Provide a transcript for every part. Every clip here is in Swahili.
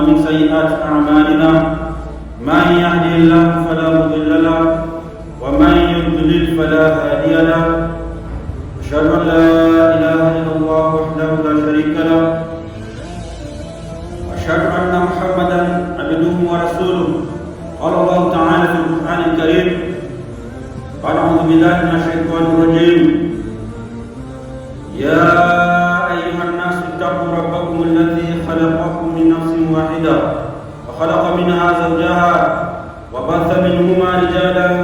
ومن سيئات أعمالنا من يهدي الله فلا مضل له ومن يضلل فلا هادي له أشهد أن لا إله إلا الله وحده لا شريك له وأشهد أن محمدا عبده ورسوله قال الله تعالى في القرآن الكريم قال أعوذ بالله من الشيطان الرجيم يا أيها الناس اتقوا ربكم الذي واحدة وخلق منها زوجها وبث منهما رجالا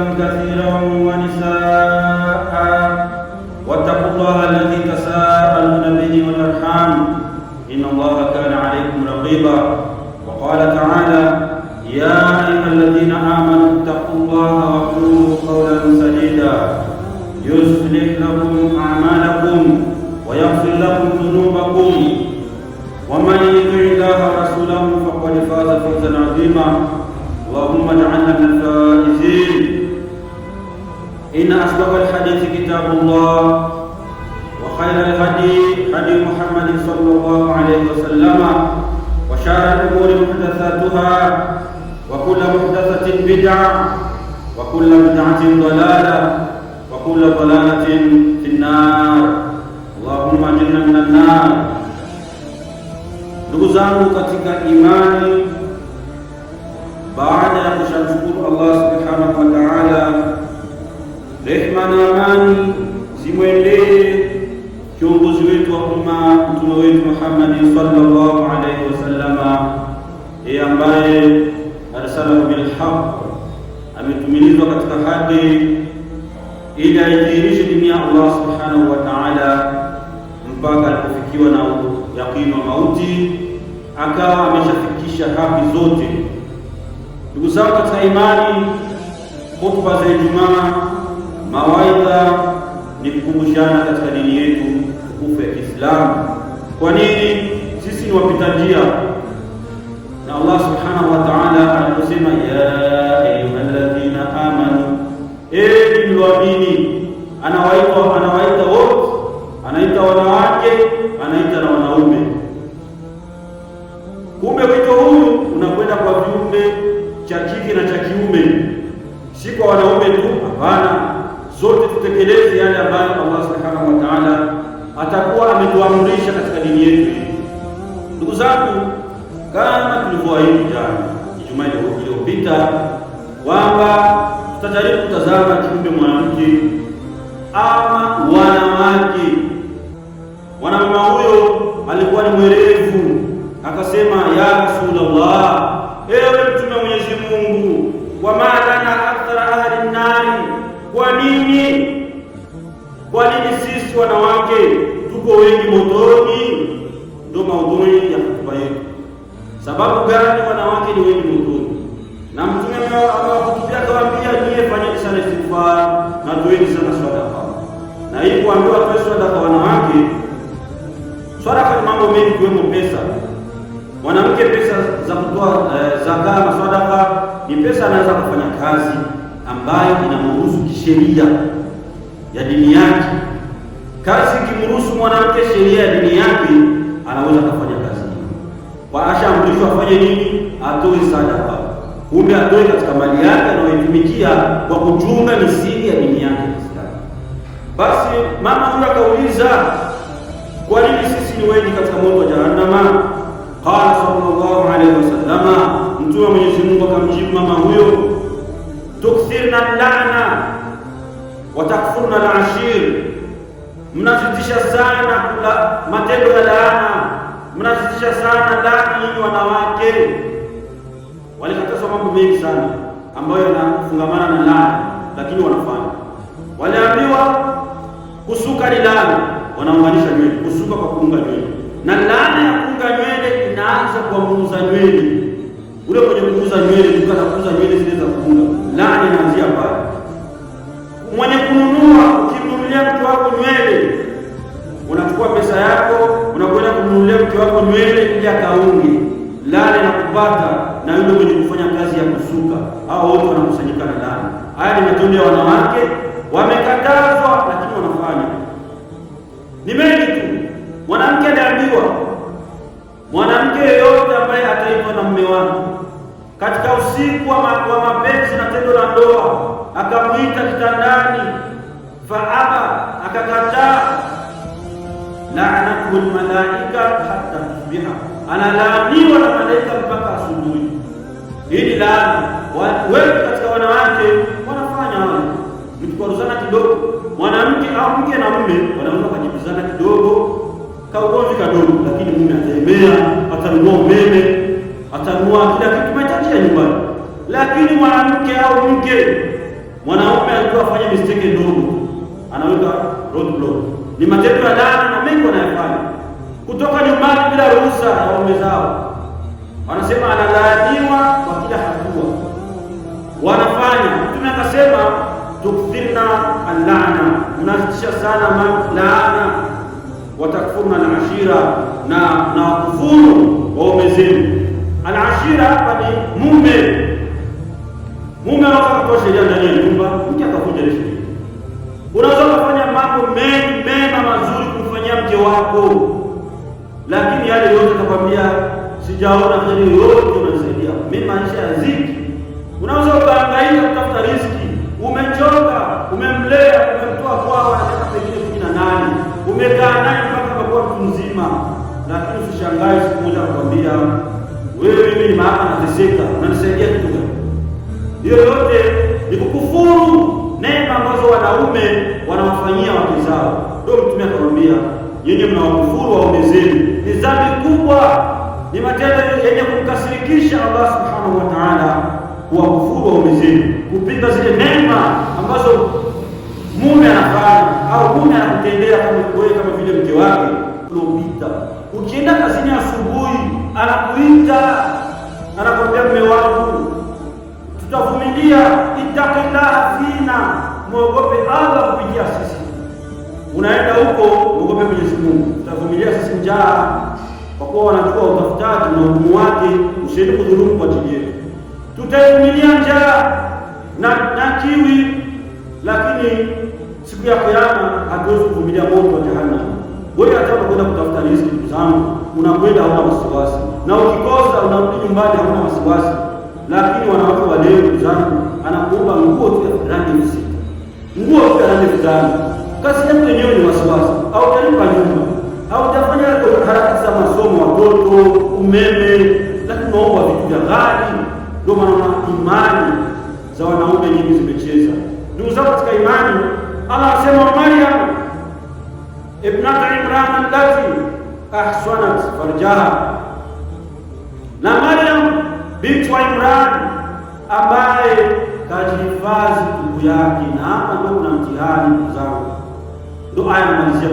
dalatin fi Allahumma ajirna nar. Ndugu zangu katika imani, baada ya kushamshukuru Allah subhanahu wa ta'ala, rehma na amani zimwendee kiongozi wetu wa umma, mtume wetu Muhammad sallallahu alaihi wasallama, yeye ambaye arsalahu bilhaq ametumilizwa katika haki ili aidhihirishe kumtimia Allah subhanahu wa ta'ala mpaka alipofikiwa na yakini wa mauti, akawa ameshafikisha haki zote. Ndugu zangu katika imani, hotuba za Ijumaa, mawaidha ni kukumbushana katika dini yetu tukufu ya Kiislamu. Kwa nini? Sisi ni wapita njia, na Allah subhanahu wa ta'ala aliposema ya uliopita kwamba tutajaribu kutazama kiumbe mwanamke ama wanawake. Mwanamama huyo alikuwa ni mwerevu, akasema ya Rasulullah, ewe mtume wa Mwenyezi Mungu, kwa maana akthara ahli nnari, kwa nini kwa nini sisi wanawake tuko wengi motoni? Ndio maudhui ya hotuba yetu. Sababu gani wanawake ni wengi motoni? na Mtume akawahutubia akawaambia, nyie fanyeni sana istighfar na tuweni sana swadaka. Na hii kuambiwa toe swadaka wanawake, swadaka ni mambo mengi, kiwemo pesa. Mwanamke pesa za kutoa e, eh, zakaa na swadaka ni pesa anaweza kufanya kazi ambayo inamruhusu kisheria ya dini yake. Kazi ikimruhusu mwanamke sheria ya dini yake, anaweza kufanya kazi hiyo, kwa ashamrishwa afanye nini? Atoe sadaka kumbe atoe katika mali yake anayoitumikia kwa kuchunga misingi ya dini yake Kiislamu. Basi mama huyo akauliza, kwa nini sisi ni wengi katika moto wa Jahannama? Qala sallallahu alaihi wasallam, mtume wa Mwenyezi Mungu akamjibu mama huyo, tukthirna lana wa takfurna al-ashir, mnazidisha sana kula matendo ya laana, mnazidisha sana laana, wanawake Walikatazwa mambo mengi sana ambayo yanafungamana na laana, lakini wanafanya. Waliambiwa kusuka ni laana, wanaunganisha nywele, kusuka kwa kuunga nywele, na laana ya kuunga nywele inaanza kwa muuza nywele ule mwenye kuuza nywele, duka la kuuza nywele zile za kuunga, laana inaanzia pale. Mwenye kununua, ukimnunulia mtu wako nywele, unachukua pesa yako unakwenda kumnunulia mtu wako nywele ili akaunge, laana inakupata na yule mwenye kufanya kazi ya kusuka, hao wote wanakusanyika ndani. Haya ni matendo ya wanawake, wamekatazwa lakini wanafanya. Ni mengi tu. Mwanamke anaambiwa, mwanamke yeyote ambaye ataitwa na mume wake katika usiku wa mapenzi na tendo la ndoa akamwita kitandani, faaba, akakataa, laanatuhu lmalaika hata tusbiha, analaani laana. Wengi katika wanawake wanafanya hayo, nikikwaruzana kidogo, mwanamke au mke na mume wanaweza kujibizana kidogo, kaugomvi kadogo, lakini mume ataemea, atanunua umeme, atanunua kila kitu mahitaji ya nyumbani. Lakini mwanamke au mke, mwanaume alikuwa afanye mistake ndogo, anaweka roadblock. Ni matendo ya laana na mengi wanayofanya kutoka nyumbani bila ruhusa ya waume zao wanasema analaaniwa kwa kila hatua wanafanya. Mtume akasema tukthirna allana, mnazidisha sana laana, watakfurna alashira, na na kufuru waume zenu. Alashira hapa ni mume, mume anaweza sheria ndani ya nyumba, mke akavunja ile sheria. Unaweza kufanya mambo mengi mema mazuri kumfanyia mke wako, lakini yale yote atakwambia sijaona hali yoyote unasaidia. Mimi maisha ya ziki, unaweza ukaangaika kutafuta riziki, umechoka, umemlea, umemtoa kwao, anataka pengine kujina nani, umekaa naye mpaka amekuwa mtu mzima, lakini usishangae siku moja kukwambia wewe, mimi maana nateseka, unanisaidia kitu gani? Hiyo yote ni kukufuru neema ambazo wanaume wanawafanyia wake zao. Ndio Mtume akamwambia, nyinyi mnawakufuru waume zenu, ni dhambi kubwa ni matendo yenye kumkasirikisha Allah subhanahu wa ta'ala, kufuru waume zenu, kupinga zile neema ambazo mume anafanya au mume anakutendea kama vile mke wake uliopita. Ukienda kazini asubuhi, anakuita anakwambia, mume wangu, tutavumilia, itakila fina, muogope Allah kupitia sisi. Unaenda huko, muogope Mwenyezi Mungu, tutavumilia sisi njaa kwa kuwa wanajua utafutaji na ugumu wake usheni kudhulumu kwa ajili yetu. Tutaivumilia njaa na, na kiwi, lakini siku ya Kiyama hatuwezi kuvumilia moto wa Jahannam. Wewe hata unakwenda kutafuta riziki, ndugu zangu, unakwenda hauna wasiwasi, na ukikosa unarudi nyumbani hauna wasiwasi. Lakini wanawake wa leo, ndugu zangu, anakuomba nguo tu ya rangi nzuri, nguo tu ya rangi nzuri, kazi yako yenyewe ni wasiwasi, au utalipa nyumba haujafanya harakati za masomo watoto, umeme, lakini unaomba vitu vya ghali. Ndio maana imani za wanaume nyingi zimecheza. Ndugu zangu katika imani, Allah asema Maryam ibnata Imran allati ahsanat farjaha, na Maryam binti wa Imran ambaye kajihifadhi ndugu yake, na hapa ndio kuna mtihani. Ndugu zangu, ndio aya namalizia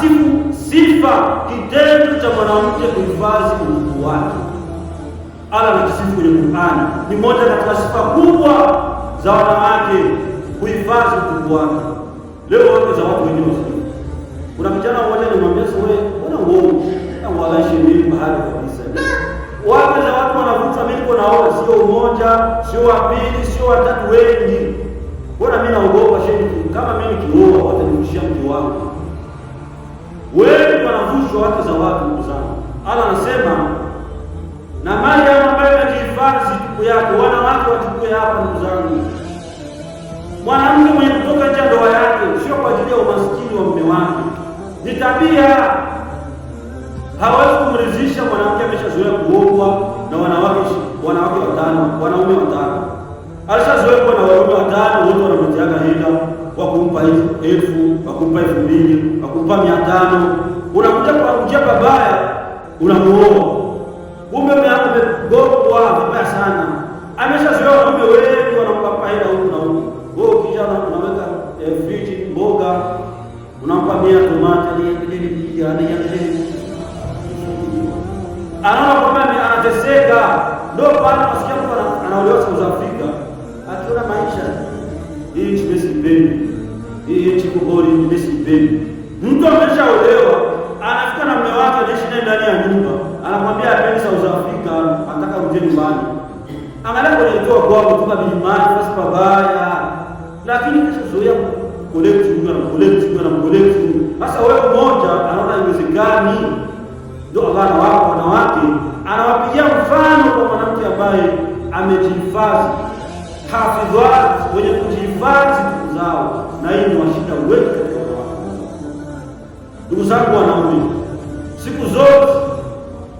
sifu sifa, kitendo cha mwanamke kuhifadhi udugu wake. Ala anasifu kwenye Qur'ani, ni moja katika sifa kubwa za wanawake kuhifadhi udugu wake. Leo wake za watu wenyewe wasijui. Kuna vijana mmoja nimwambia sasa, wewe mbona uongo na walaishi mimi bahari kabisa wake za watu wanavuta mimi kwa naona, sio mmoja, sio wa pili, sio watatu, wengi. Mbona mimi naogopa shehe, kama mimi nikioa watanirudishia mke wangu wewe wanavunjwa wake za watu, ndugu zangu. Allah anasema na Mariamu ambaye anajihifadhi siku yako, wanawake wachukue hapa, ndugu zangu. Mwanamke mwenye kutoka nje ndoa yake sio kwa ajili ya umaskini wa mume wake, ni tabia. Hawezi kumridhisha mwanamke, ameshazoea kuogwa na wanawake wanawake watano, wanaume watano, alishazoea kuwa na wanaume watano, wote wanamtiaga hila wa kumpa elfu wakupa elfu mbili wakupa mia tano unakuja kwa njia babaya, unamuoa mume wako. Umegongwa vibaya sana, ameshazoea mume wetu, anakupa hela huku na huku. Wewe kijana unaweka eh, friji mboga, unampa mia tomata anaona anateseka, ndio pale nasikia mtu anaolewa siku za Afrika akiona maisha hii. Tumesipeni e te corrorir nesse peito. Nunca mais já olhou, zangu wanaume, siku zote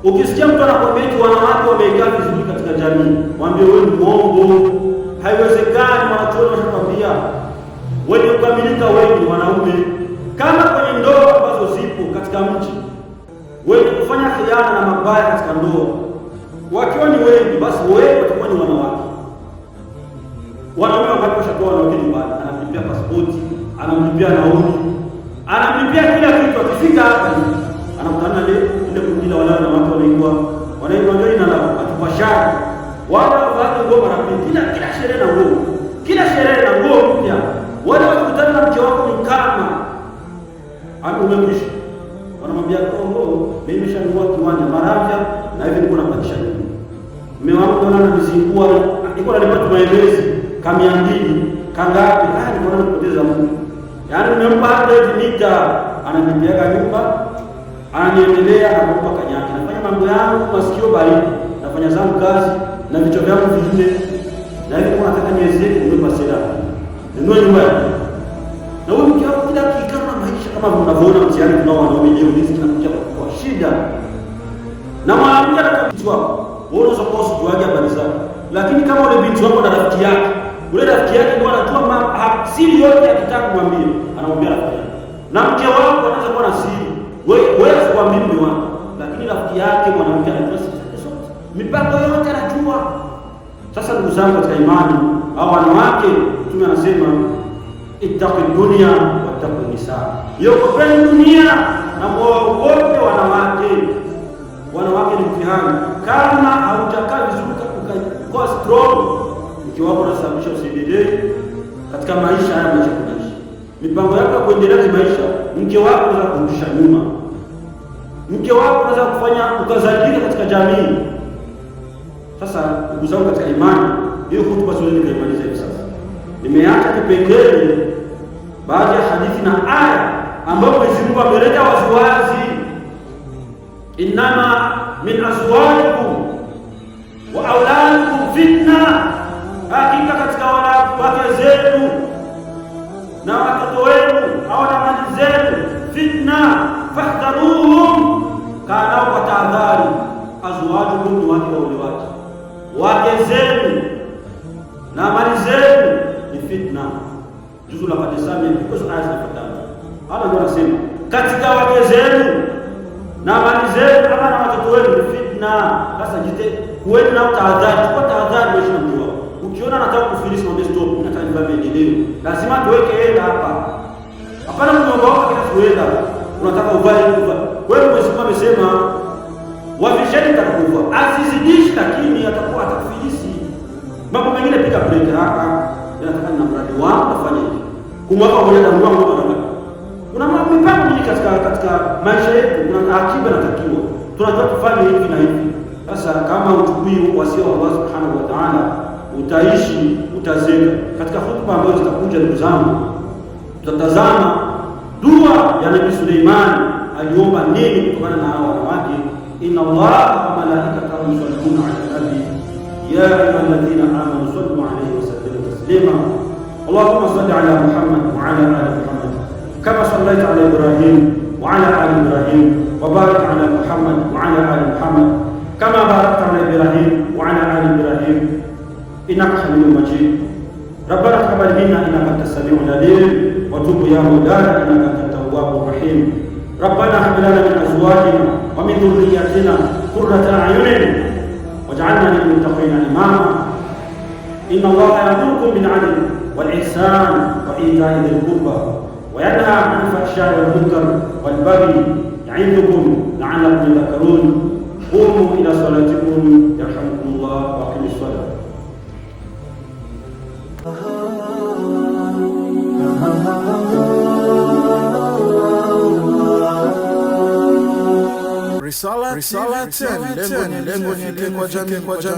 ukisikia mtu anakwambia eti wanawake wameikaa vizuri katika jamii, mwambie wewe ni mwongo, haiwezekani. Wanachuoni washakwambia wenye kukamilika wengi wanaume. Kama kwenye ndoa ambazo zipo katika mji, wenye kufanya khiana na mabaya katika ndoa wakiwa ni wengi, basi wewe watakuwa ni wanawake. Wanaume wakati washakuwa wanawake nyumbani, anamlipia pasipoti, anamlipia nauli anakilipia kila kitu. Akifika hapa anakutana na ile kundi la wale wanawake wanaitwa wanaitwa ndio ina la atupashaka wala baada ngoma na kila kila sherehe na ngoma kila sherehe na ngoma mpya, wale wakutana na mke wako ni kama amekwisha, wanamwambia kongo, oh, oh, mimi nishanunua kiwanja Maraja na hivi niko napatisha nyumba, mume wangu ndio ndo ananizingua, niko nalipata maelezi kamia mbili kangapi, haya ni kwa nini kupoteza Mungu Yaani unampa update mita, ananipiaga nyumba, ananiendelea kumpa kanyaki. Nafanya mambo yangu masikio bali, nafanya zangu kazi na vichwa vyangu vinne. Na hivi kwa nataka niweze kumlipa sera. Ndio nyumba. Na wewe mkiwa kila kitu maisha kama unavyoona mtiani tunao wanaume je, unaweza kinakuja kwa shida. Na mwanamke anatakiwa. Wewe unaweza kuwa usijuaje habari zake. Lakini kama ule binti wako na rafiki yake yule rafiki yake ndio anatoa siri yote, akitaka kumwambia anamwambia rafiki yake. Na mke wako anaweza kuwa na siri, wewe wewe sikwambii mume wako, lakini rafiki yake mwanamke anajua siri zake zote, mipango yote anajua. Sasa ndugu zangu katika imani au wanawake, Mtume anasema ittaqi dunya wattaqi nisa, iogopeni dunia na mwaogope wanawake. Wanawake ni mtihani, kama hautakaa vizuri ukawa strong ikiwapo nasababisha usiendelee katika maisha haya maisha kunaishi, mipango yako ya kuendelea maisha. mke wako unaweza kurudisha nyuma, mke wako unaweza kufanya ukazalili katika jamii. Sasa ndugu zangu katika imani, hiyo hutuba siwezi nikaimaliza hivi sasa. Nimeacha kipengele baadhi ya hadithi na aya ambayo Mwenyezi Mungu ameleta waziwazi, innama min aswarikum wa auladikum fitna hakika katika wanawake zenu na watoto wenu au na mali zenu fitna fahdharuhum, kaanao kwa tahadhari. Azwajukum ni wake wauliwake, wake zenu na mali zenu ni fitna. Juzu la aya zinafuatana. Hapa ndio anasema katika wake zenu na mali zenu ama na watoto wenu ni fitna. Sasa jite kuweni na tahadhari, kwa tahadhari mheshimiwa ukiona nataka kufilisi mwambie stop, nataka nifanye maendeleo, lazima tuweke hela hapa. Hapana mgongo wako kila kuenda unataka uvae kuva. Wewe hiyo Mwenyezi Mungu amesema wavisheni takufa, azizidishi, lakini atakuwa atakufilisi. Mambo mengine pika break hapa, yanataka na mradi wangu nafanya hivi. Kumwaka mmoja na mmoja mmoja. Kuna mipango mingi katika katika maisha yetu, kuna akiba inatakiwa. Tunajua tufanye hivi na hivi. Sasa kama uchukui wasio wa Allah Subhanahu wa Ta'ala utaishi utazeka. Katika hotuba ambayo zitakuja, ndugu zangu, tutatazama dua ya Nabii Suleimani. Aliomba nini kutokana na hao wanawake? inna Allaha wa malaikatahu yusalluna ala nabi ya ayyuhalladhina amanu sallu alayhi wa sallimu taslima allahumma salli ala Muhammad wa ala ali Muhammad kama sallaita ala Ibrahim wa ala ali Ibrahim wa barik ala Muhammad wa ala ali Muhammad kama barakta ala Ibrahim wa ala ali Ibrahim إنك حميد مجيد ربنا تقبل منا إنك أنت السميع العليم وتب يا مولانا إنك أنت التواب الرحيم ربنا هب لنا من أزواجنا ومن ذرياتنا قرة أعين واجعلنا للمتقين إماما إن الله يأمركم بالعدل والإحسان وإيتاء ذي القربى وينهى عن الفحشاء والمنكر والبغي يعظكم لعلكم تذكرون قوموا إلى صلاتكم يرحمكم الله risala, risala tende, tende, tende, tende, tende, tende,